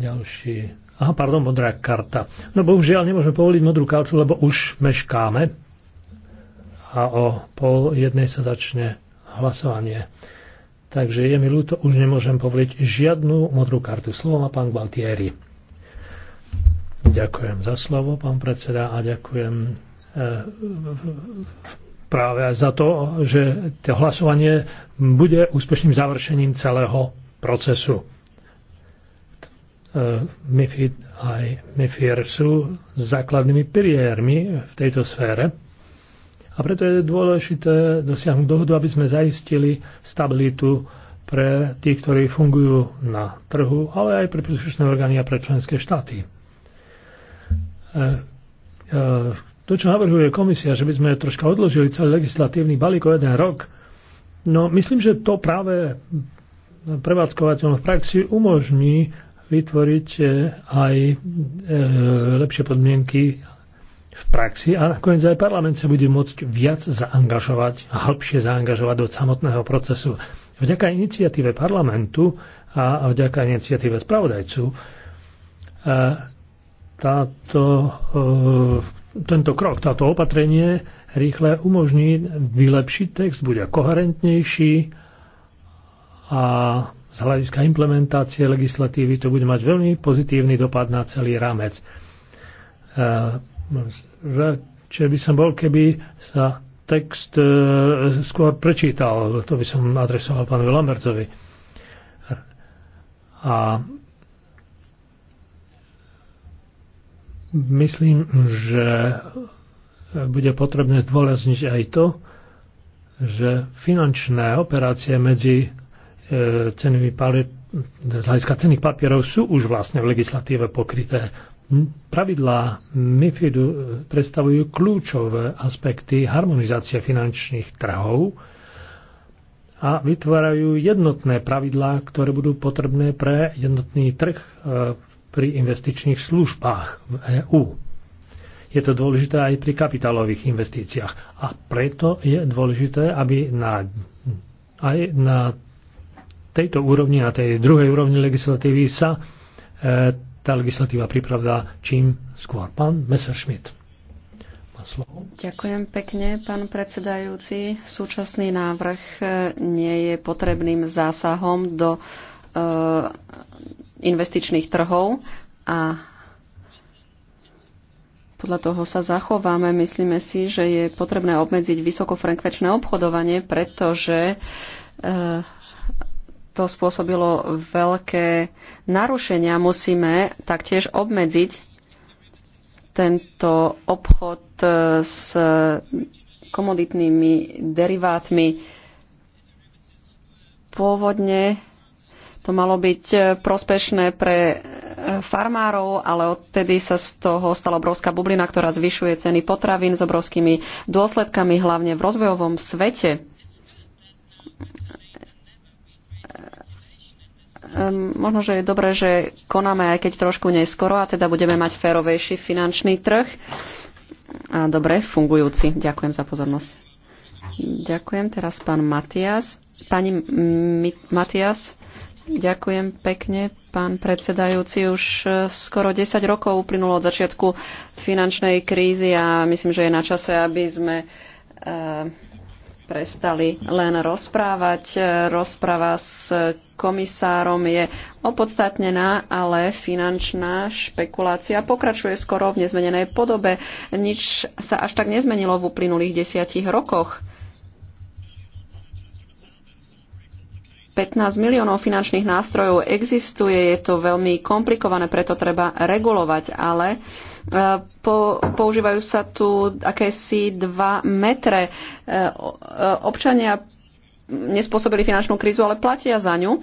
Ďalší Aha, pardon, modrá karta. No bohužiaľ nemôžeme povoliť modrú kartu, lebo už meškáme. A o pol jednej sa začne hlasovanie. Takže je mi ľúto, už nemôžem povoliť žiadnu modrú kartu. Slovo má pán Gualtieri. Ďakujem za slovo, pán predseda, a ďakujem e, práve za to, že to hlasovanie bude úspešným završením celého procesu. E, MIFID aj MIFIR sú základnými piliermi v tejto sfére. A preto je dôležité dosiahnuť dohodu, aby sme zaistili stabilitu pre tých, ktorí fungujú na trhu, ale aj pre príslušné orgány a pre členské štáty. E, e, to, čo navrhuje komisia, že by sme troška odložili celý legislatívny balík o jeden rok, no myslím, že to práve prevádzkovateľom v praxi umožní vytvoriť e, aj e, lepšie podmienky v praxi a nakoniec aj parlament sa bude môcť viac zaangažovať a hĺbšie zaangažovať do samotného procesu. Vďaka iniciatíve parlamentu a vďaka iniciatíve spravodajcu e, táto, tento krok, táto opatrenie rýchle umožní vylepšiť text, bude koherentnejší a z hľadiska implementácie legislatívy to bude mať veľmi pozitívny dopad na celý rámec. Čiže e, by som bol, keby sa text e, skôr prečítal. To by som adresoval pánovi Lambertovi. A myslím, že bude potrebné zdôrazniť aj to, že finančné operácie medzi cenými z hľadiska cených papierov sú už vlastne v legislatíve pokryté. Pravidlá MIFIDu e, predstavujú kľúčové aspekty harmonizácie finančných trhov a vytvárajú jednotné pravidlá, ktoré budú potrebné pre jednotný trh e, pri investičných službách v EÚ. Je to dôležité aj pri kapitálových investíciách a preto je dôležité, aby na, aj na tejto úrovni a tej druhej úrovni legislatívy sa e, tá legislatíva pripravila čím skôr. Pán Messerschmidt. Ďakujem pekne, pán predsedajúci. Súčasný návrh e, nie je potrebným zásahom do e, investičných trhov a podľa toho sa zachováme. Myslíme si, že je potrebné obmedziť vysokofrekvenčné obchodovanie, pretože to spôsobilo veľké narušenia. Musíme taktiež obmedziť tento obchod s komoditnými derivátmi. Pôvodne to malo byť prospešné pre farmárov, ale odtedy sa z toho stala obrovská bublina, ktorá zvyšuje ceny potravín s obrovskými dôsledkami, hlavne v rozvojovom svete. Ehm, možno, že je dobré, že konáme, aj keď trošku neskoro, a teda budeme mať férovejší finančný trh a dobre fungujúci. Ďakujem za pozornosť. Ďakujem teraz pán Matias. Pani Matias, ďakujem pekne, pán predsedajúci. Už e, skoro 10 rokov uplynulo od začiatku finančnej krízy a myslím, že je na čase, aby sme uh, prestali len rozprávať. Rozpráva s komisárom je opodstatnená, ale finančná špekulácia pokračuje skoro v nezmenenej podobe. Nič sa až tak nezmenilo v uplynulých desiatich rokoch. 15 miliónov finančných nástrojov existuje, je to veľmi komplikované, preto treba regulovať, ale e, po, používajú sa tu akési 2 metre. E, e, občania nespôsobili finančnú krízu, ale platia za ňu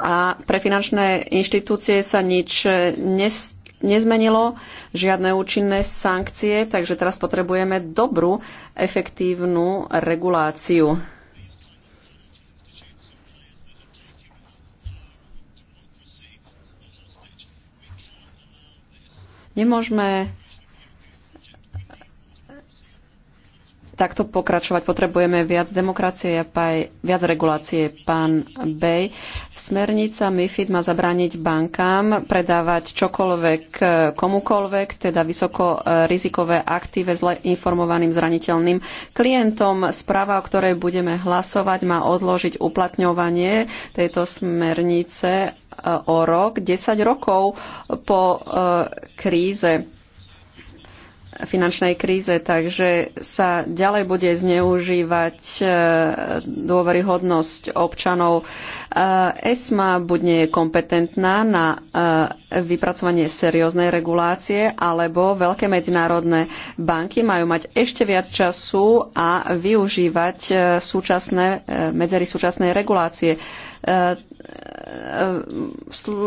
a pre finančné inštitúcie sa nič nezmenilo, žiadne účinné sankcie, takže teraz potrebujeme dobrú, efektívnu reguláciu. Nemôžeme takto pokračovať, potrebujeme viac demokracie a aj viac regulácie. Pán Bej, smernica MIFID má zabrániť bankám predávať čokoľvek e, komukoľvek, teda vysoko e, rizikové aktíve zle informovaným zraniteľným klientom. Správa, o ktorej budeme hlasovať, má odložiť uplatňovanie tejto smernice e, o rok, 10 rokov po kríze finančnej kríze, takže sa ďalej bude zneužívať e, dôveryhodnosť občanov. E, ESMA buď nie je kompetentná na e, vypracovanie serióznej regulácie, alebo veľké medzinárodné banky majú mať ešte viac času a využívať súčasné, medzery súčasnej regulácie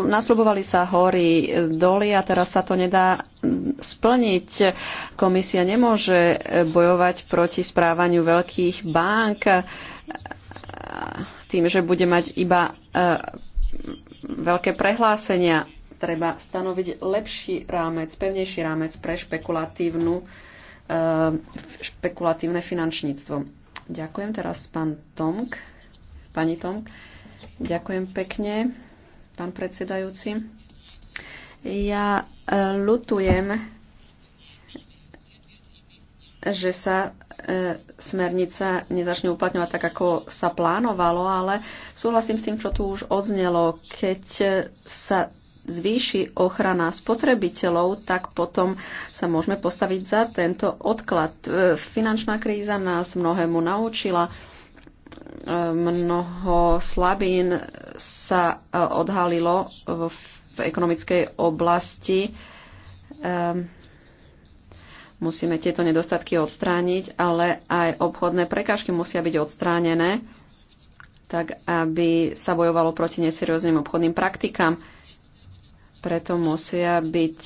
naslubovali sa hory doly a teraz sa to nedá splniť. Komisia nemôže bojovať proti správaniu veľkých bank tým, že bude mať iba e, veľké prehlásenia. Treba stanoviť lepší rámec, pevnejší rámec pre špekulatívnu, e, špekulatívne finančníctvo. Ďakujem teraz pán Tomk. Pani Tomk. Ďakujem pekne, pán predsedajúci. Ja e, lutujem, že sa e, smernica nezačne uplatňovať tak, ako sa plánovalo, ale súhlasím s tým, čo tu už odznelo. Keď sa zvýši ochrana spotrebiteľov, tak potom sa môžeme postaviť za tento odklad. E, finančná kríza nás mnohému naučila mnoho slabín sa e, odhalilo v ekonomickej oblasti. Ehm, musíme tieto nedostatky odstrániť, ale aj obchodné prekážky musia byť odstránené, tak aby sa bojovalo proti neserióznym obchodným praktikám. Preto musia byť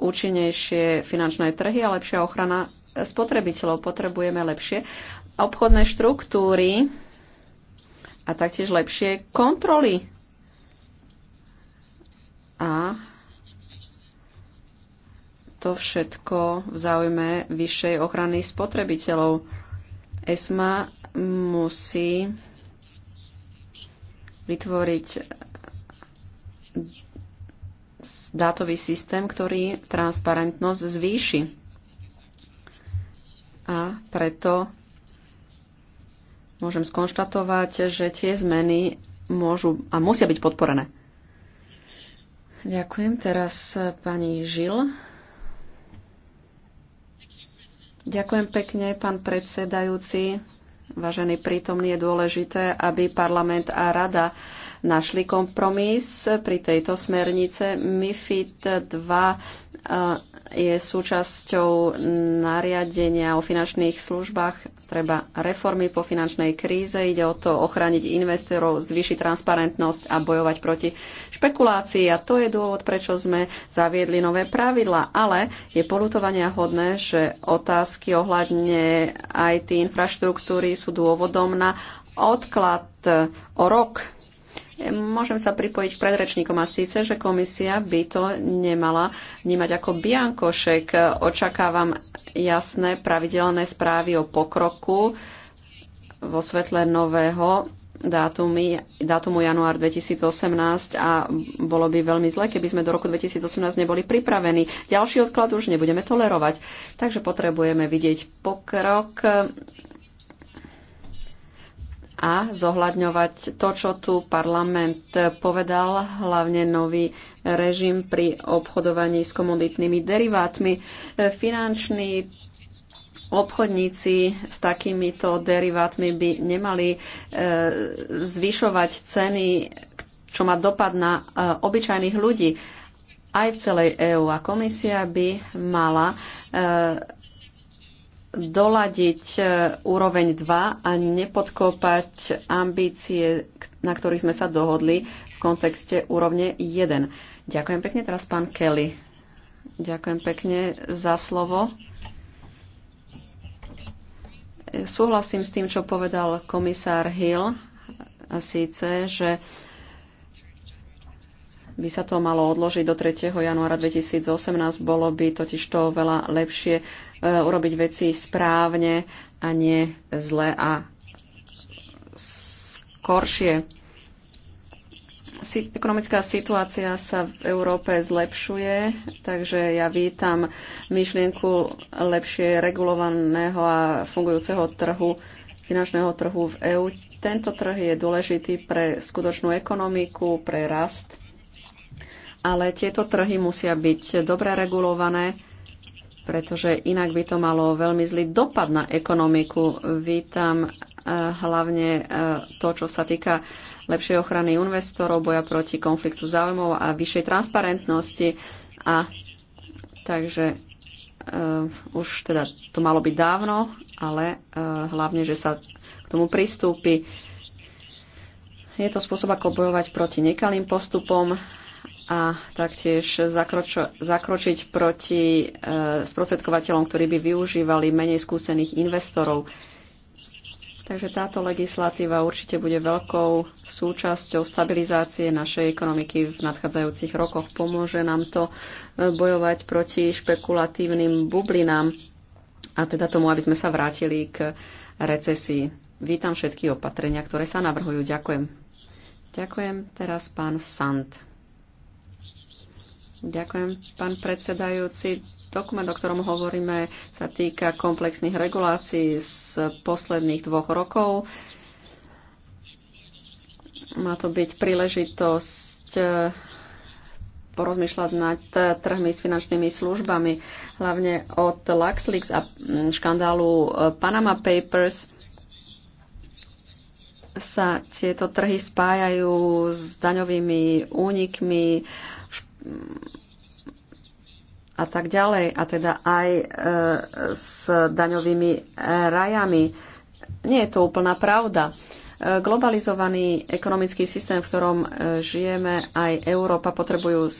účinnejšie finančné trhy a lepšia ochrana spotrebiteľov. Potrebujeme lepšie obchodné štruktúry, a taktiež lepšie kontroly. A to všetko v záujme vyššej ochrany spotrebiteľov. ESMA musí vytvoriť dátový systém, ktorý transparentnosť zvýši. A preto môžem skonštatovať, že tie zmeny môžu a musia byť podporené. Ďakujem. Teraz e, pani Žil. Ďakujem pekne, pán predsedajúci. Vážený prítomný, je dôležité, aby parlament a rada našli kompromis pri tejto smernice. MIFID 2 e, je súčasťou nariadenia o finančných službách Treba reformy po finančnej kríze, ide o to ochrániť investorov, zvýšiť transparentnosť a bojovať proti špekulácii. A to je dôvod, prečo sme zaviedli nové pravidla. Ale je polutovania hodné, že otázky ohľadne IT infraštruktúry sú dôvodom na odklad o rok Môžem sa pripojiť k predrečníkom a síce, že komisia by to nemala vnímať ako biankošek. Očakávam jasné pravidelné správy o pokroku vo svetle nového dátumy, dátumu január 2018 a bolo by veľmi zle, keby sme do roku 2018 neboli pripravení. Ďalší odklad už nebudeme tolerovať. Takže potrebujeme vidieť pokrok a zohľadňovať to, čo tu parlament povedal, hlavne nový režim pri obchodovaní s komoditnými derivátmi. Finanční obchodníci s takýmito derivátmi by nemali e, zvyšovať ceny, čo má dopad na e, obyčajných ľudí aj v celej EÚ. A komisia by mala e, doladiť e, úroveň 2 a nepodkopať ambície, na ktorých sme sa dohodli v kontexte úrovne 1. Ďakujem pekne teraz pán Kelly. Ďakujem pekne za slovo. E, súhlasím s tým, čo povedal komisár Hill, a síce, že by sa to malo odložiť do 3. januára 2018. Bolo by totiž to veľa lepšie e, urobiť veci správne a nie zle a skoršie. Ekonomická situácia sa v Európe zlepšuje, takže ja vítam myšlienku lepšie regulovaného a fungujúceho trhu, finančného trhu v EÚ. Tento trh je dôležitý pre skutočnú ekonomiku, pre rast ale tieto trhy musia byť dobre regulované, pretože inak by to malo veľmi zlý dopad na ekonomiku. Vítam eh, hlavne eh, to, čo sa týka lepšej ochrany investorov, boja proti konfliktu záujmov a vyššej transparentnosti. A takže uh, už teda to malo byť dávno, ale uh, hlavne, že sa k tomu pristúpi. Je to spôsob, ako bojovať proti nekalým postupom a taktiež zakročo, zakročiť proti e, sprostredkovateľom, ktorí by využívali menej skúsených investorov. Takže táto legislatíva určite bude veľkou súčasťou stabilizácie našej ekonomiky v nadchádzajúcich rokoch. Pomôže nám to eh, bojovať proti špekulatívnym bublinám a teda tomu, aby sme sa vrátili k recesii. Vítam všetky opatrenia, ktoré sa navrhujú. Ďakujem. Ďakujem teraz pán Sant. Ďakujem, pán predsedajúci. Dokument, o ktorom hovoríme, sa týka komplexných regulácií z posledných dvoch rokov. Má to byť príležitosť eh, porozmýšľať nad trhmi s finančnými službami, hlavne od LuxLeaks a mm, škandálu eh, Panama Papers sa tieto trhy spájajú s daňovými únikmi, a tak ďalej. A teda aj e, s daňovými e, rajami. Nie je to úplná pravda. E, globalizovaný ekonomický systém, v ktorom žijeme, aj Európa potrebujú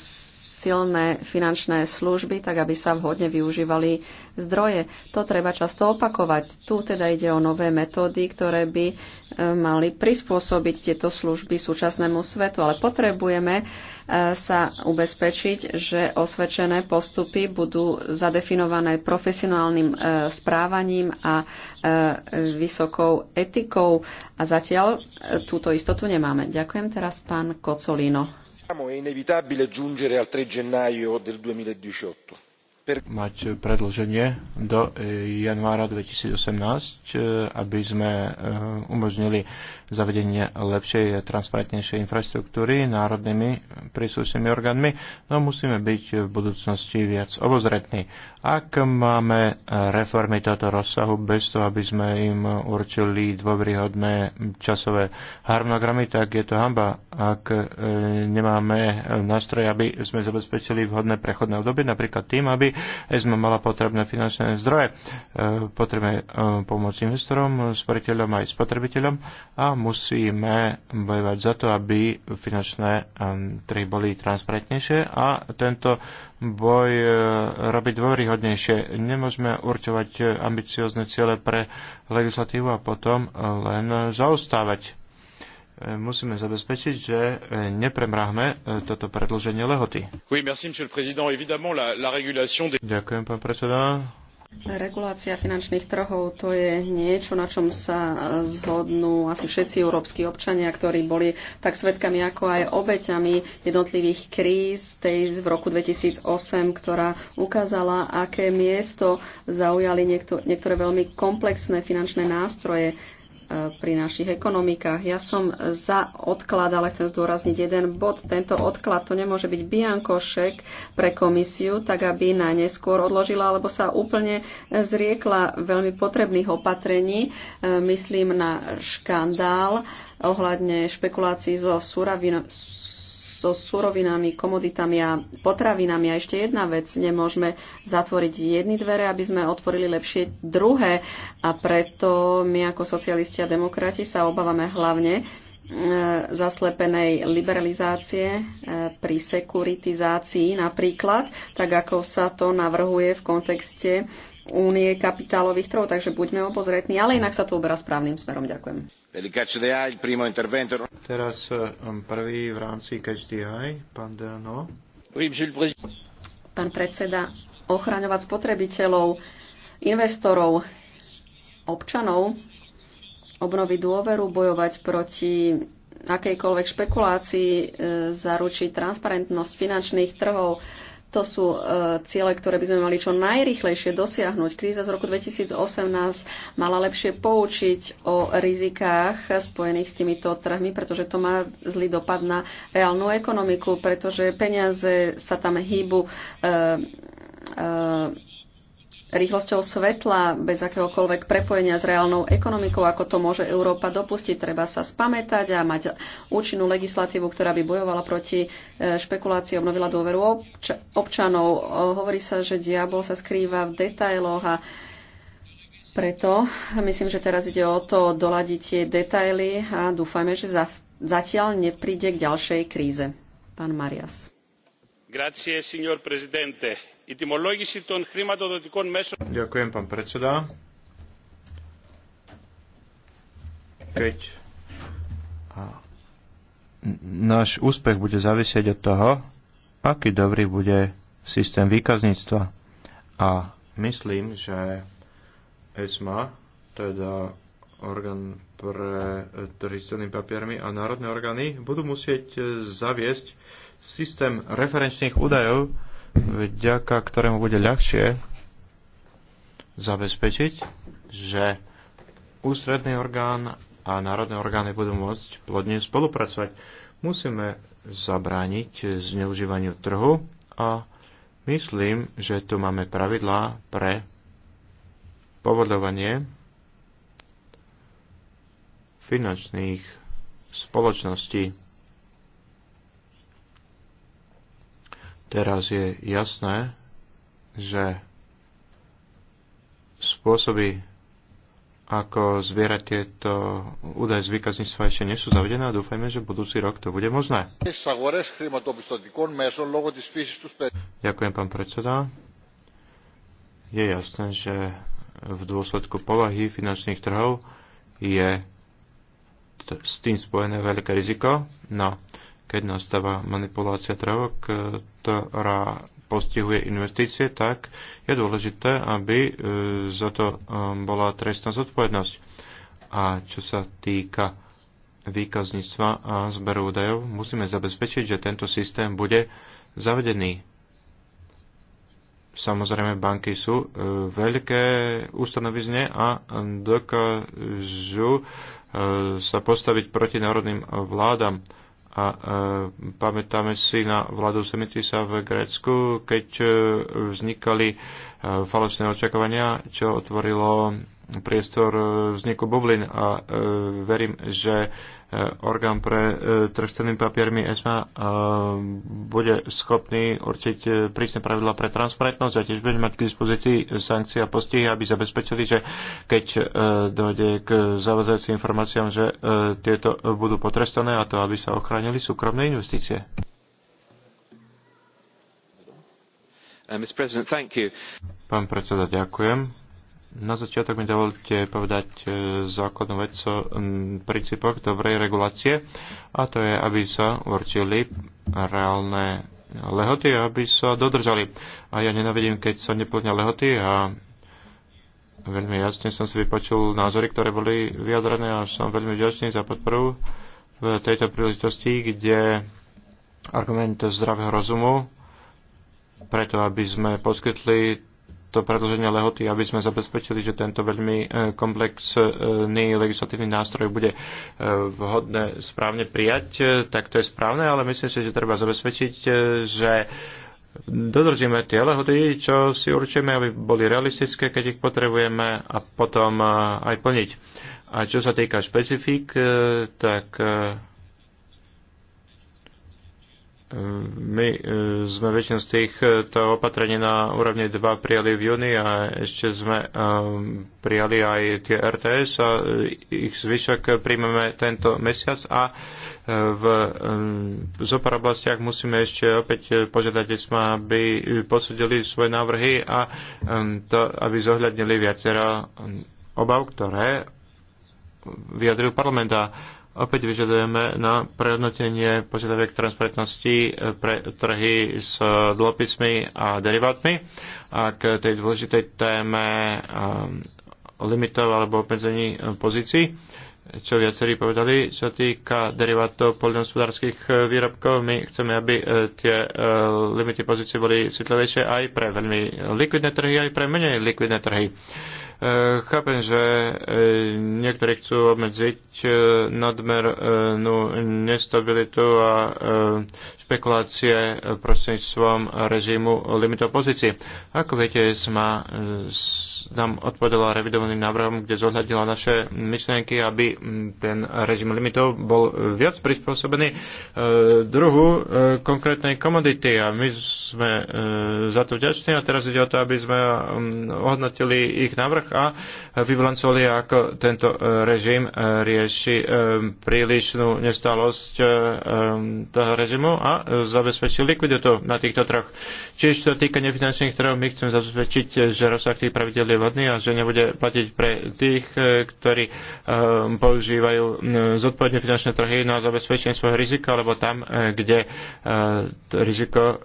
silné finančné služby, tak aby sa vhodne využívali zdroje. To treba často opakovať. Tu teda ide o nové metódy, ktoré by mali prispôsobiť tieto služby súčasnému svetu, ale potrebujeme sa ubezpečiť, že osvedčené postupy budú zadefinované profesionálnym e, správaním a e, vysokou etikou. A zatiaľ e, túto istotu nemáme. Ďakujem teraz pán Kocolino. Mať predlženie do januára 2018, aby sme umožnili zavedenie lepšej, transparentnejšej infraštruktúry národnými príslušnými orgánmi, no musíme byť v budúcnosti viac obozretní. Ak máme e, reformy tohto rozsahu bez toho, aby sme im určili dôveryhodné časové harmonogramy, tak je to hamba, ak e, nemáme e, nástroje, aby sme zabezpečili vhodné prechodné obdobie, napríklad tým, aby sme mala potrebné finančné zdroje. Potrebujeme pomôcť investorom, sporiteľom aj spotrebiteľom a musíme bojovať za to, aby finančné trhy boli transparentnejšie a tento boj e, robiť dôveryhodnejšie. Nemôžeme určovať e, ambiciozne ciele pre legislatívu a potom e, len zaostávať. Musíme zabezpečiť, že nepremrahme toto predlženie lehoty. Ďakujem, pán predseda Regulácia finančných trhov to je niečo, na čom sa zhodnú asi všetci európsky občania, ktorí boli tak svetkami ako aj obeťami jednotlivých kríz, tej v roku 2008, ktorá ukázala, aké miesto zaujali niektoré veľmi komplexné finančné nástroje pri našich ekonomikách. Ja som za odklad, ale chcem zdôrazniť jeden bod. Tento odklad to nemôže byť biankošek pre komisiu, tak aby na neskôr odložila alebo sa úplne zriekla veľmi potrebných opatrení. E, myslím na škandál ohľadne špekulácií so surovinami so surovinami, komoditami a potravinami. A ešte jedna vec, nemôžeme zatvoriť jedny dvere, aby sme otvorili lepšie druhé. A preto my ako socialisti a demokrati sa obávame hlavne e, zaslepenej liberalizácie e, pri sekuritizácii napríklad, tak ako sa to navrhuje v kontexte únie kapitálových trhov, takže buďme obozretní, ale inak sa to uberá správnym smerom. Ďakujem. Teraz e, um, prvý v rámci každý pán Delano. Pán predseda, ochraňovať spotrebiteľov, investorov, občanov, obnoviť dôveru, bojovať proti akejkoľvek špekulácii, e, zaručiť transparentnosť finančných trhov, to sú e, ciele, ktoré by sme mali čo najrychlejšie dosiahnuť. Kríza z roku 2018 mala lepšie poučiť o rizikách spojených s týmito trhmi, pretože to má zlý dopad na reálnu ekonomiku, pretože peniaze sa tam hýbu. E, e, rýchlosťou svetla, bez akéhokoľvek prepojenia s reálnou ekonomikou, ako to môže Európa dopustiť. Treba sa spamätať a mať účinnú legislatívu, ktorá by bojovala proti e, špekulácii, obnovila dôveru obč- občanov. Hovorí sa, že diabol sa skrýva v detailoch a preto myslím, že teraz ide o to doladiť tie detaily a dúfajme, že za- zatiaľ nepríde k ďalšej kríze. Pán Marias. Grazie, signor presidente η τιμολόγηση των χρηματοδοτικών μέσων... Ďakujem, pán predseda. Keď náš úspech bude závisieť od toho, aký dobrý bude systém výkazníctva. A myslím, že ESMA, teda orgán pre trhy s papiermi a národné orgány budú musieť e, zaviesť systém referenčných údajov vďaka ktorému bude ľahšie zabezpečiť, že ústredný orgán a národné orgány budú môcť plodne spolupracovať. Musíme zabrániť zneužívaniu trhu a myslím, že tu máme pravidlá pre povodovanie finančných spoločností Teraz je jasné, že spôsoby, ako zvierať tieto údaje z výkazníctva ešte nie sú zavedené a dúfajme, že budúci rok to bude možné. Ďakujem, pán predseda. Je jasné, že v dôsledku povahy finančných trhov je s tým spojené veľké riziko. No, keď nastáva manipulácia trhov, e, ktorá postihuje investície, tak je dôležité, aby e, za to e, bola trestná zodpovednosť. A čo sa týka výkazníctva a zberu údajov, musíme zabezpečiť, že tento systém bude zavedený. Samozrejme, banky sú veľké ustanovizne a dokážu sa postaviť proti národným vládam a e, pamätáme si na vládu Semitisa v Grécku, keď e, vznikali e, falošné očakávania, čo otvorilo priestor e, vzniku bublin a e, verím, že e, orgán pre trh s cenými papiermi ESMA bude schopný určiť prísne pravidla pre transparentnosť a tiež bude mať k dispozícii sankcie a postihy, aby zabezpečili, že keď dojde k zavazajúcim informáciám, že tieto budú potrestané a to, aby sa ochránili súkromné investície. Uh, Pán predseda, ďakujem na začiatok mi dovolte povedať e, základnú vec o princípoch dobrej regulácie a to je, aby sa určili reálne lehoty, aby sa dodržali. A ja nenavidím, keď sa neplňa lehoty a veľmi jasne som si vypočul názory, ktoré boli vyjadrené a som veľmi vďačný za podporu v tejto príležitosti, kde argument zdravého rozumu preto, aby sme poskytli to predloženie lehoty, aby sme zabezpečili, že tento veľmi e, komplexný legislatívny nástroj bude e, vhodné správne prijať, e, tak to je správne, ale myslím si, že treba zabezpečiť, že dodržíme tie lehody, čo si určíme, aby boli realistické, keď ich potrebujeme a potom aj plniť. A čo sa týka špecifik, tak my e, sme väčšinou z e, to opatrenie na úrovni 2 prijali v júni a ešte sme e, prijali aj tie RTS a ich zvyšok príjmeme tento mesiac a v zopár oblastiach musíme ešte opäť požiadať aby posúdili svoje návrhy a to, aby zohľadnili viacero obav, ktoré vyjadril parlament a Opäť vyžadujeme na prehodnotenie požiadaviek transparentnosti eh, pre trhy s eh, dlhopismi a derivátmi a k tej dôležitej téme eh, limitov alebo obmedzení pozícií čo viacerí povedali, čo týka derivátov poľnohospodárských výrobkov. My chceme, aby tie limity pozície boli citlivejšie aj pre veľmi likvidné trhy, aj pre menej likvidné trhy. E, chápem, že e, niektorí chcú obmedziť e, nadmernú nestabilitu a špekulácie prostredníctvom režimu limitov pozícií. Ako viete, SMA nám odpovedala revidovaným návrhom, kde zohľadila naše myšlienky, aby ten režim limitov bol viac prispôsobený druhu konkrétnej komodity. A my sme za to vďační a teraz ide o to, aby sme ohodnotili ich návrh a vybilancovali, ako tento e, režim e, rieši e, prílišnú nestálosť toho režimu a zabezpečil likviditu na týchto troch. Čiže čo týka nefinančných trhov, my chceme zabezpečiť, že rozsah tých pravidel je vhodný a že nebude platiť pre tých, ktorí používajú zodpovedne finančné trhy na zabezpečenie svojho rizika, alebo tam, kde riziko,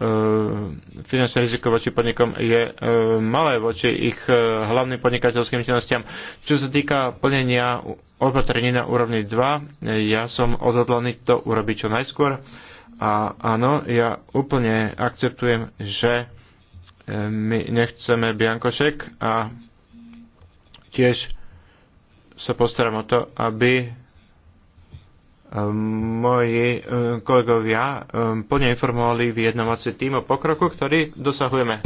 finančné riziko voči podnikom je malé voči ich hlavným podnikateľským činnostiam systém. Čo sa týka plnenia opatrení na úrovni 2, ja som odhodlaný to urobiť čo najskôr. A áno, ja úplne akceptujem, že e, my nechceme biankošek a tiež sa postaram o to, aby moji e, kolegovia e, plne informovali vyjednávací tým o pokroku, ktorý dosahujeme.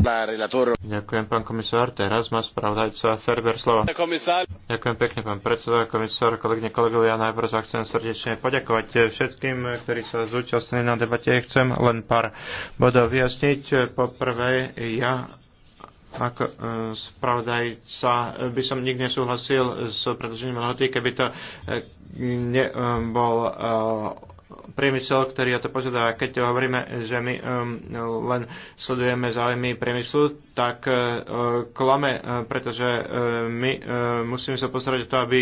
Ďakujem, pán komisár. Teraz má spravodajca Ferber slova. Ďakujem pekne, pán predseda, komisár, kolegyne, kolegovia. Najprv sa chcem srdečne poďakovať všetkým, ktorí sa zúčastnili na debate. Chcem len pár bodov vyjasniť. Po prvé, ja ako e, spravodajca by som nikdy nesúhlasil s predlžením lehoty, keby to e, nebol e, priemysel, ktorý o to požiada. A keď hovoríme, že my um, len sledujeme záujmy priemyslu, tak uh, klame, uh, pretože uh, my musíme sa postarať o to, aby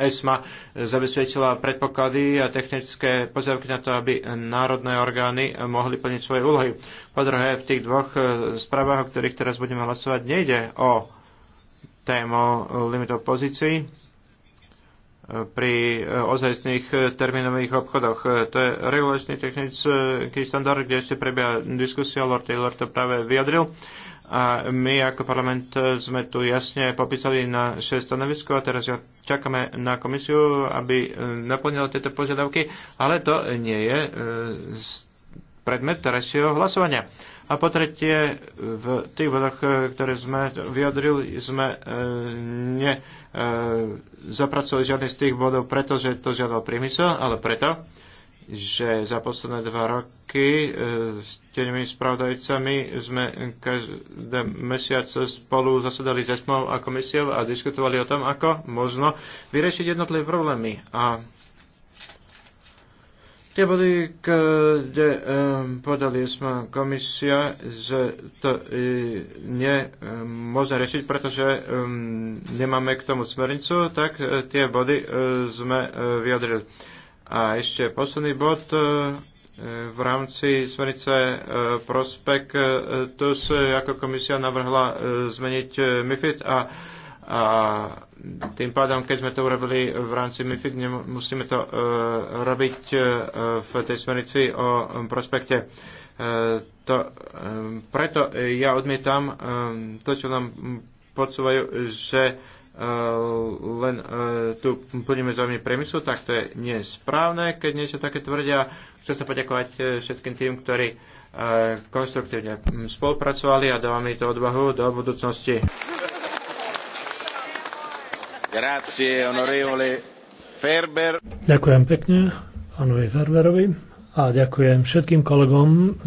ESMA zabezpečila predpoklady a technické požiadavky na to, aby národné orgány mohli plniť svoje úlohy. Po druhé, v tých dvoch správach, o ktorých teraz budeme hlasovať, nejde o tému limitov pozícií, pri eh, ozajstných eh, termínových obchodoch. Eh, to je regulačný technický štandard, kde ešte prebieha diskusia. Lord Taylor to práve vyjadril. A my ako parlament sme tu jasne popísali na šest stanovisko a teraz ja čakáme na komisiu, aby naplnila tieto požiadavky, ale to nie je predmet terajšieho hlasovania. A po tretie, v tých bodoch, eh, ktoré sme vyjadrili, sme eh, ne eh, zapracovali žiadny z tých bodov, pretože to žiadal priemysel, ale preto, že za posledné dva roky s tenými spravodajcami sme každý mesiac spolu zasadali s ESMou a komisiou a diskutovali o tom, ako možno vyriešiť jednotlivé problémy. A Tie body, kde um, ehm, podali sme komisia, že to e, nie um, ehm, možno riešiť, pretože um, nemáme k tomu smernicu, tak e, tie body uh, sme uh, vyjadrili. A ešte posledný bod uh, v rámci smernice uh, Prospek. uh, tu sa ako komisia navrhla uh, zmeniť uh, MIFID a, a tým pádom, keď sme to urobili v rámci MIFID, musíme to e, robiť e, v tej smernici o e, prospekte. To, preto ja odmietam to, čo nám podsúvajú, že len tu plníme zaujímavý priemyslu, tak to je nesprávne, keď niečo také tvrdia. Chcem sa poďakovať všetkým tým, ktorí konstruktívne spolupracovali a dávame to odvahu do budúcnosti. Grazie, onorevole Ferber. Ďakujem pekne pánovi Ferberovi a ďakujem všetkým kolegom